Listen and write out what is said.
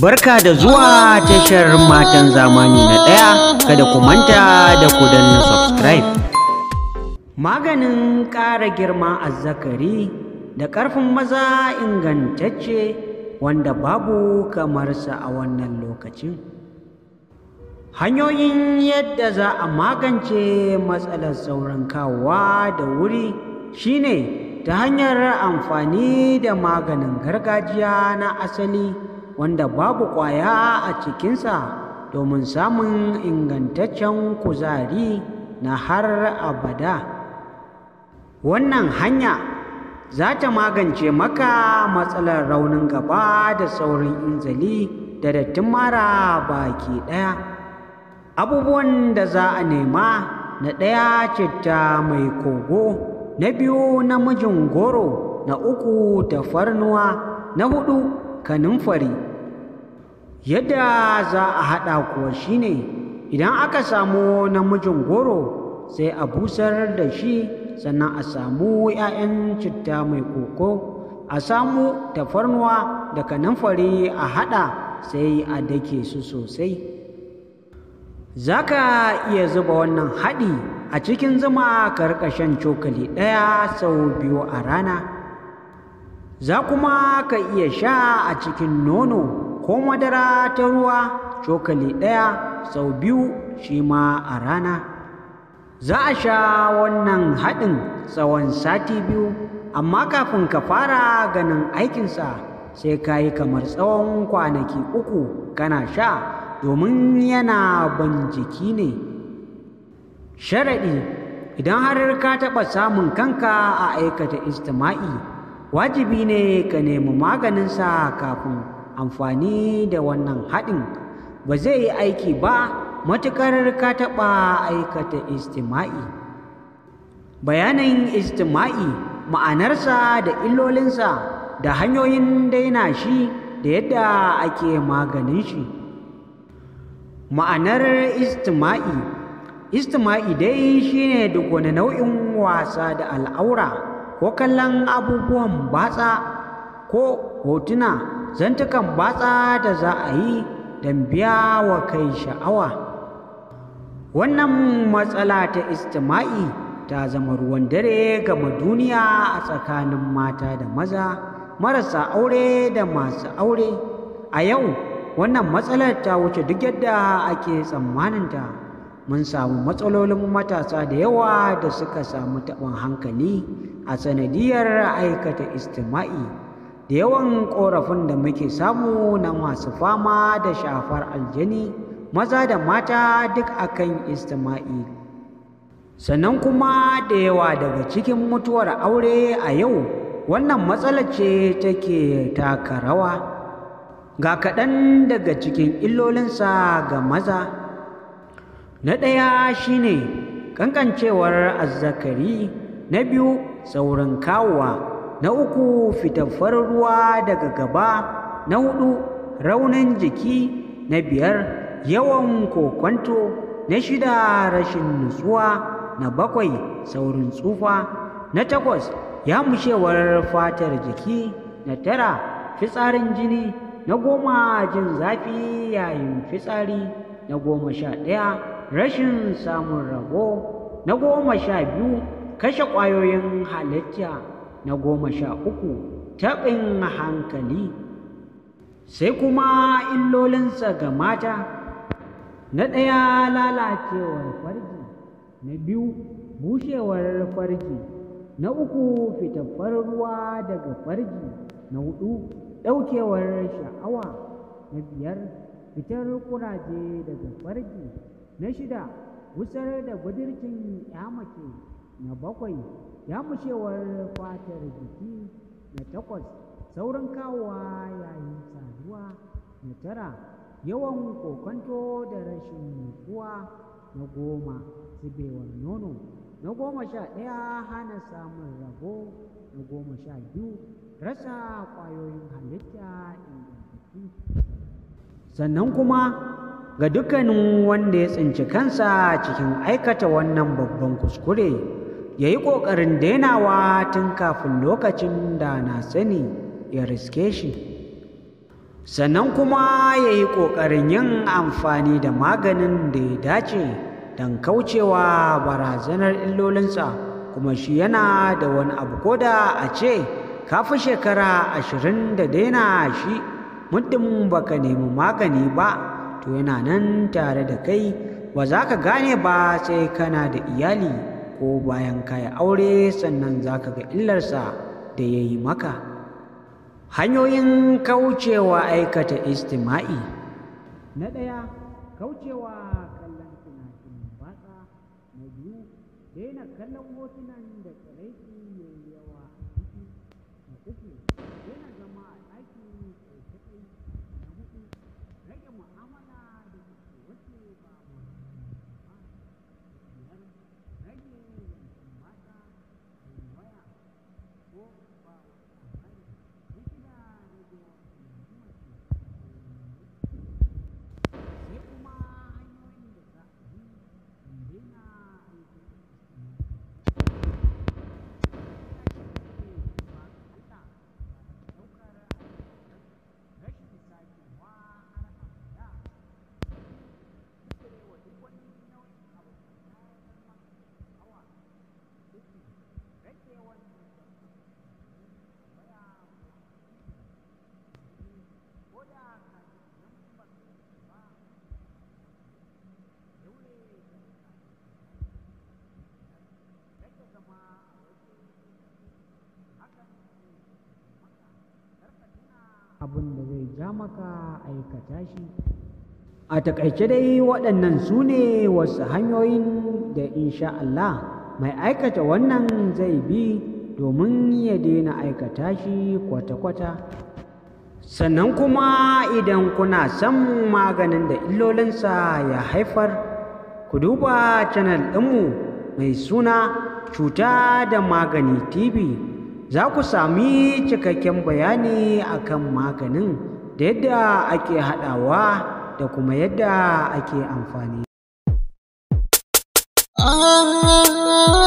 Barka da zuwa tashar matan zamani na ɗaya kada ku manta da ku danna subscribe. Maganin ƙara girma a Zakari da ƙarfin maza ingantacce wanda babu kamarsa a wannan lokacin. Hanyoyin yadda za a magance matsalar sauran kawowa da wuri shine ta hanyar amfani da maganin gargajiya na asali. wanda babu ƙwaya a cikinsa domin samun ingantaccen kuzari na har abada wannan hanya za ta magance maka matsalar raunin gaba da saurin inzali da dattin mara baki ɗaya abubuwan da za a nema na ɗaya citta mai kogo na biyu namijin goro na uku tafarnuwa na hudu kanumfari yadda za a haɗa kuwa shine idan aka samu namijin goro sai a busar da shi sannan a samu 'ya'yan citta mai koko a samu tafarnuwa da kanamfari a haɗa sai a dake su sosai za ka iya zuba wannan haɗi a cikin zuma shan cokali ɗaya sau biyu a rana za kuma ka iya sha a cikin nono ko madara ta ruwa cokali ɗaya sau biyu shi ma a rana za a sha wannan haɗin tsawon sati biyu amma kafin ka fara ganin aikinsa sai ka yi kamar tsawon kwanaki uku kana sha domin yana ban jiki ne sharaɗi idan har ka taɓa samun kanka a aikata istima'i wajibi ne ka nemi maganinsa kafin amfani da wannan haɗin ba zai yi aiki ba matuƙar ka taɓa aikata istima'i bayanin istima'i ma'anarsa da illolinsa da hanyoyin daina shi da yadda ake maganin shi ma'anar istima'i istima'i dai shine duk wani nau'in wasa da al'aura ko kallon abubuwan batsa ko hotuna zantukan batsa da za a yi don biya wa kai sha'awa wannan matsala ta istima'i ta zama ruwan dare gama duniya a tsakanin mata da maza marasa aure da masu aure a yau wannan matsalar ta wuce duk yadda ake tsammaninta mun samu matsalolin matasa da yawa da suka samu taɓin hankali a sanadiyar aikata istima'i. da yawan ƙorafin da muke samu na masu fama da shafar aljani maza da mata duk akan istima'i sannan kuma da yawa daga cikin mutuwar aure a yau wannan matsala ce take taka rawa ga kaɗan daga cikin illolinsa ga maza na ɗaya shine kankancewar azzakari na biyu saurin kawowa na uku fitaffar ruwa daga gaba na hudu raunin jiki na biyar yawan kokwanto na shida rashin nutsuwa na bakwai saurin tsufa na takwas yamushewar fatar jiki na tara fitsarin jini na goma jin zafi yayin fitsari na goma sha ɗaya rashin samun rago na goma sha biyu kashe ƙwayoyin halitta na goma sha uku taɓin hankali sai kuma illolinsa ga mata na ɗaya lalacewar farji na biyu bushewar farji na uku fitaffar ruwa daga farji na hudu ɗaukewar sha'awa na biyar fitar kuraje daga farji na shida wutsar da budurcin ya mace na bakwai ya mushewar fatar jiki na takwas saurin kawowa yayin saduwa na tara yawan kokonto da rashin nutsuwa na goma zubewar nono na goma sha ɗaya hana samun rago na goma sha biyu rasa ƙwayoyin halitta ingantattu sannan kuma ga dukkanin wanda ya tsinci kansa cikin aikata wannan babban kuskure ya yi ƙoƙarin dainawa tun kafin lokacin da na sani ya riske shi sannan kuma ya yi ƙoƙarin yin amfani da maganin da ya dace don kaucewa barazanar illolinsa kuma shi yana da wani abu koda a ce kafin shekara ashirin da daina shi muddin baka nemi magani ba to yana nan tare da kai ba za ka gane ba sai kana da iyali ko bayan kaya aure sannan za ka ga illarsa da ya yi maka hanyoyin kaucewa aikata istima'i na ɗaya kaucewa kallon tunanin batsa na biyu daina kallon hotunan da tsiraiki mai yawa a ciki na uku daina maka aikata shi a takaice dai waɗannan su ne wasu hanyoyin da insha Allah mai aikata wannan zai bi domin ya daina aikata shi kwata-kwata sannan kuma idan kuna son maganin da illolinsa ya haifar ku duba canal ɗinmu mai suna cuta da magani tv za ku sami cikakken bayani akan maganin da yadda ake haɗawa da kuma yadda ake amfani. Ah, ah, ah.